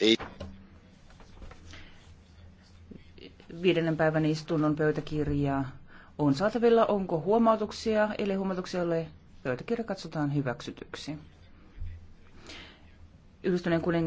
Ei. Viidennen päivän istunnon pöytäkirjaa on saatavilla. Onko huomautuksia? Eli huomautuksia ole. Pöytäkirja katsotaan hyväksytyksi. Yhdistyneen kuningas